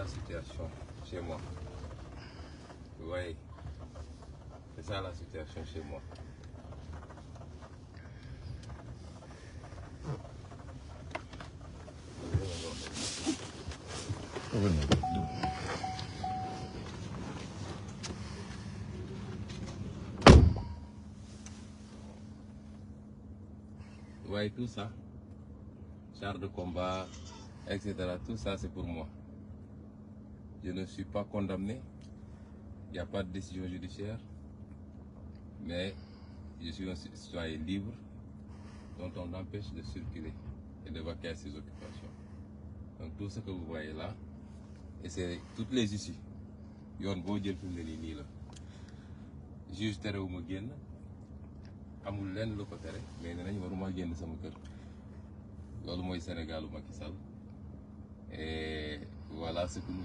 la situation chez moi. Vous voyez, c'est ça la situation chez moi. Vous tout ça, char de combat, etc. Tout ça, c'est pour moi. Je ne suis pas condamné. Il n'y a pas de décision judiciaire. Mais je suis un citoyen libre dont on empêche de circuler et de vaquer à ses occupations. Donc tout ce que vous voyez là, et toutes les issues. yoon boo jël fi mu ne nii nii la juge terewu ma génn amul lenn lu ko tere mais ne nañ waruma génn sama kër loolu mooy Sénégalu Macky Sall et voilà ce que nous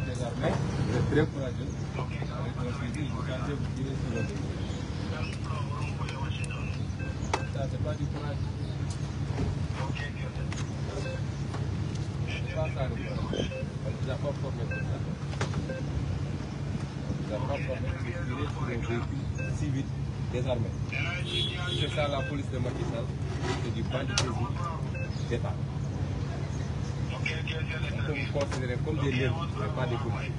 crois désormais, vous êtes très courageux. Avec votre fusil, vous tentez, vous tirez sur le Ça, c'est pas du courage. C'est pas ça le courage. On vous a pas formé pour ça. On vous a pas formé pour tirer sur le véhicule si vite, désarmé. C'est ça la police de Macky Sall. C'est du banditisme d'État. sommes considérés comme des nervis, mais pas des policiers.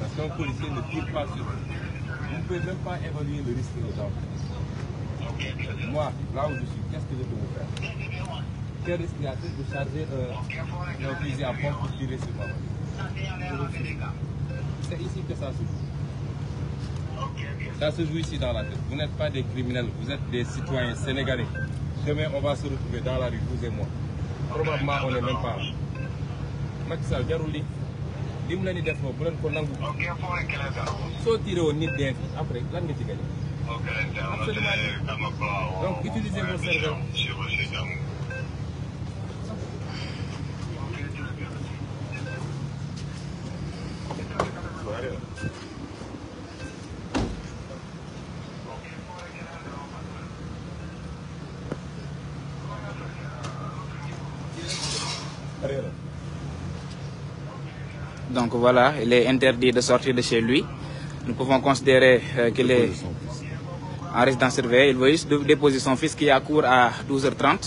Parce qu'un ne tire pas sur vous. Vous ne pouvez même pas le risque des gens. Moi, là où je que je peux vous faire Quel risque y a-t-il de charger euh, un fusil à pompe pour tirer sur C'est ici que ça se joue. Ça se joue ici dans la tête. Vous n'êtes pas des criminels, vous êtes des citoyens sénégalais. Demain, on va se retrouver dans la rue, vous et moi. Probablement, on n'est même pas. ma Sall jarul li li mu leen di def moom bu ko nangu. soo tiré woon nit dee fi après lan nga ci gagné. absolument donc utilisez vos cerveaux. Donc voilà, il est interdit de sortir de chez lui. Nous pouvons considérer euh, qu'il est en résidence surveillée. Il veut déposer son fils qui a cours à 12 h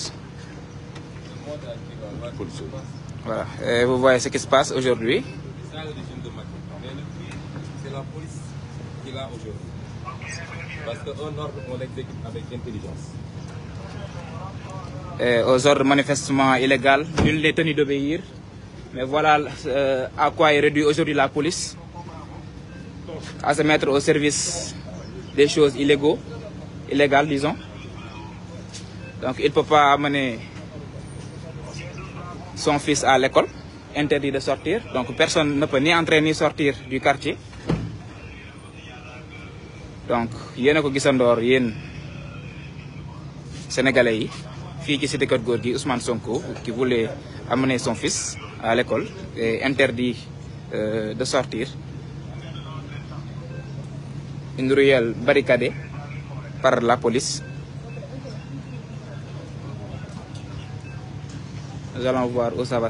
vous voyez ce qui se passe aujourd'hui. la Parce qu'un ordre, aux ordres manifestement illégaux, nul n'est tenu d'obéir. Mais voilà euh, à quoi est réduite aujourd'hui la police, à se mettre au service des choses illégaux, illégales disons. Donc il ne peut pas amener son fils à l'école, interdit de sortir. Donc personne ne peut ni entrer ni sortir du quartier. Donc yéen a ko gisandoor yéen sénégalais yi fii ci cité Keur Gorgui Ousmane Sonko qui voulait amener son fils à l'école et interdit euh, de sortir. Une ruelle barricadée par la police. Nous allons voir où ça va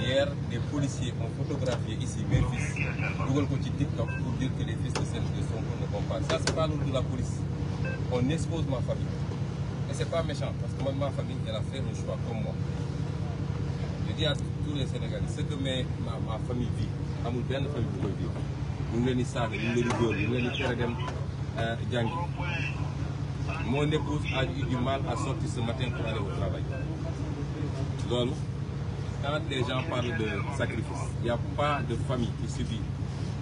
Hier, des policiers ont photographié ici mes fils, dugal ko ci TikTok pour dire que les fils de celle de Sonko ne vont pas. Ça, c'est pas l'ordre de la police. On expose ma famille. mais c'est pas méchant, parce que moi, ma famille, elle a fait le choix comme moi. Je dis à tous les Sénégalais, ce que mes, ma, famille vit, amul benn famille bu koy vivre. leen di saaga ñu ngi di góor ñu ngi leen di tere dem euh, jàngi. Mon épouse a eu du mal à sortir ce matin pour aller au quand les gens parlent de sacrifice, il n'y a pas de famille qui subit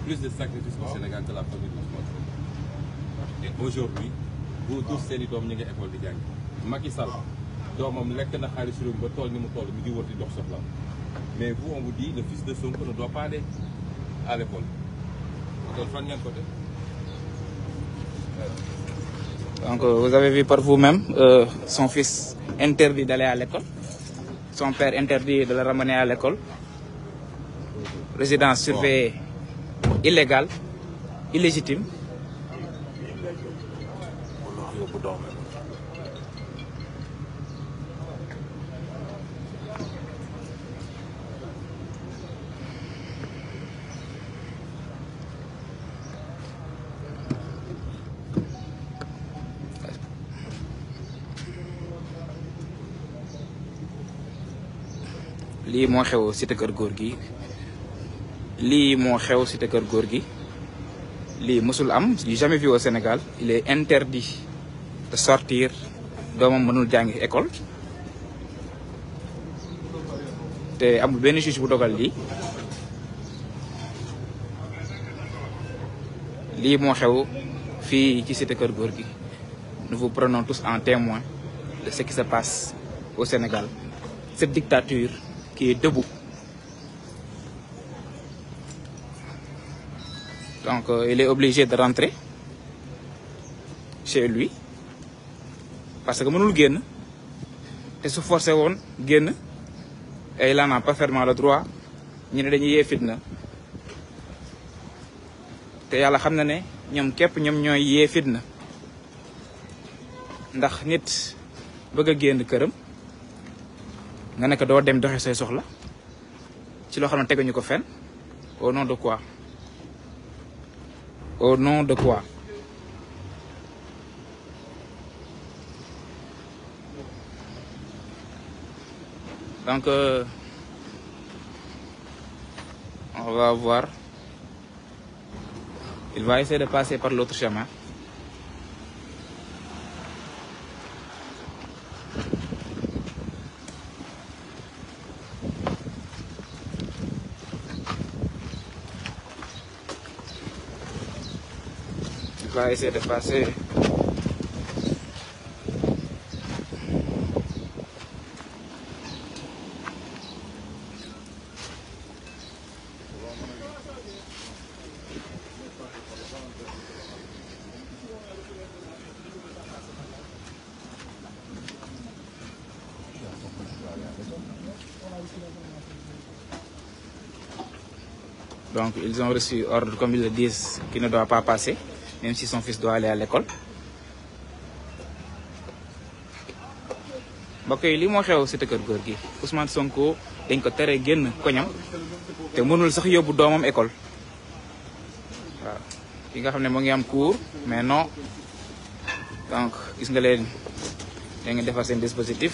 plus de sacrifices au Sénégal que la famille de Ousmane Et aujourd'hui, vous tous seen i doom ñu ngi école di jàng Macky Sall doomam lekk na xaalis réew mi ba tool ni mu toll mi ngi wër di dox soxla mais vous on vous dit le fils de Sonko ne doit pas aller à l'école donc fan ngeen ko def donc euh, vous avez vu par vous-même euh, son fils interdit d'aller à l'école son père interdit de le ramener à l'école résidence surveillée illégale illégitime lii moo xew cité kër góor gi lii moo xew cité kër góor gi lii mësul am du jamais vu au Sénégal il est interdit de sortir doomam mënul jàngi école te amul benn juge bu dogal lii lii moo xew fii ci cité kër góor gi nous vous prenons tous en témoin de ce qui se passe au Sénégal cette dictature qui est Donc euh, il est obligé de rentrer chez lui parce que mënul génn te su forcé woon génn ay il en a le droit ñu ne dañuy yee na te yàlla xam na ne ñoom képp ñoom ñooy yee na ndax nit bëgg a génn këram nga ne doo dem doxe say soxla ci loo xam ne teguñu ko fenn au nom de quoi au nom de quoi donc euh, va voir il va essayer de passer par l'autre chemin va essayer de passer. Donc ils ont reçu ordre, comme ils le disent, qui ne doit pas passer. même si son fils doit aller à l'école mbokk yi lii moo xew cité Keur Gorgui Ousmane Sonko dañ ko tere génn koñam te mënul sax yóbbu doomam école waaw yi nga xam ne mu ngi am cours mais no donc gis nga leen da nga defar seen dispositif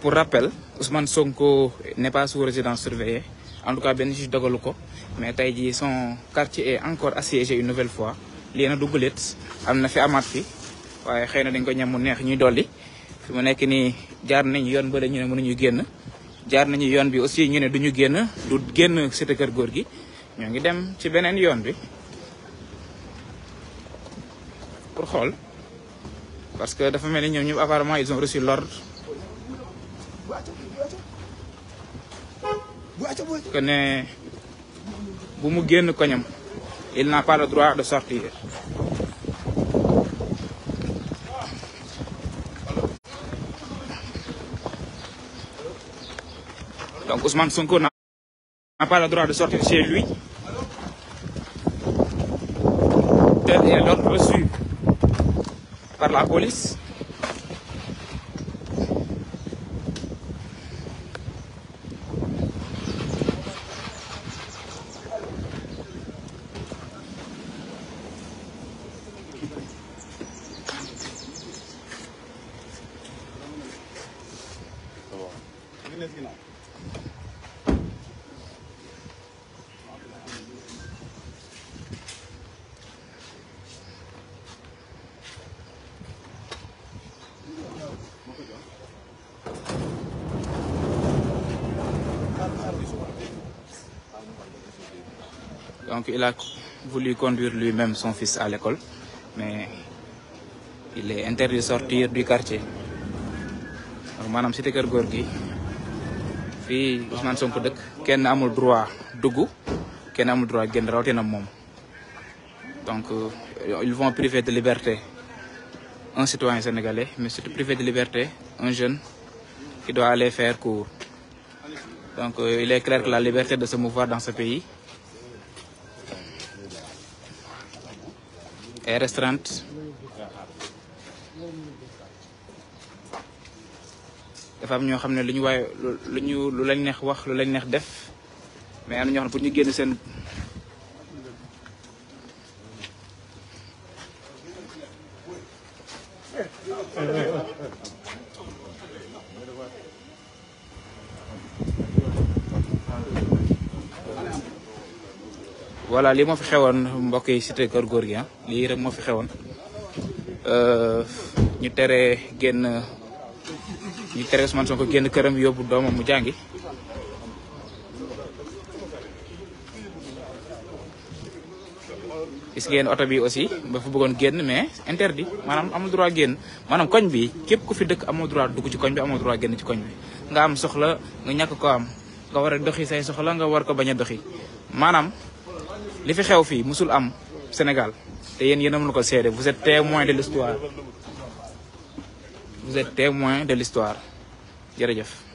pour rappel Ousmane Sonko n'est pas sous résidence surveillée en tout cas benn juge dogalu ko mais tey jii son quartier est encore assiégé une nouvelle fois lii na duggalit am na fi amaat fi waaye xëy na dañ ko ñam mu neex ñuy dolli su mu nekk nii jaar nañu yoon bële ñu ne mënuñu génn jaar nañu yoon bi aussi ñu ne duñu génn du génn cité kër góor gi ñoo ngi dem ci beneen yoon bi pour xool parce que dafa mel ni ñoom ñu apparemment ils ont reçu l'ordre que bu mu génn koñam il n'a pas le droit de sortir donc Ousmane Sonko n'a pas le droit de sortir chez lui tel est l'ordre reçu par la police ci nekk ginnaaw Donc il a voulu conduire lui-même son fils à l'école, mais il est interdit de sortir du quartier. Donc maanaam cité Kër Góor gi fii Ousmane Sonko dëkk kenn amul droit dugg kenn amul droit génn rawatina moom donc euh, ils vont priver de liberté un citoyen sénégalais mais surtout priver de liberté un jeune qui doit aller faire cours donc euh, il est clair que la liberté de se mouvoir dans ce pays est restreinte dafa am ñoo xam ne lu ñu waaye lu ñu neex wax lu lañ neex def mais am na ñoo ne pour ñu génn seen voilà li moo fi xewoon mbokk yi cité kër góor gi ah. rek moo fi xewoon euh, ñu tere génn ñu tere Ousmane ko génn këram yóbbu doomam mu jàngi gis ngeen oto bi aussi ba fa bëggoon génn mais interdit maanaam amul droit génn maanaam koñ bi képp ku fi dëkk amoo droit dugg ci koñ bi ci koñ bi nga am soxla nga ñàkk ko am nga war doxi say soxla nga war ko bañ a doxi maanaam li fi xew fii musul am Sénégal te yéen yéen amul ko seede vous êtes témoin de l'histoire vous êtes témoin de l'histoire jërëjëf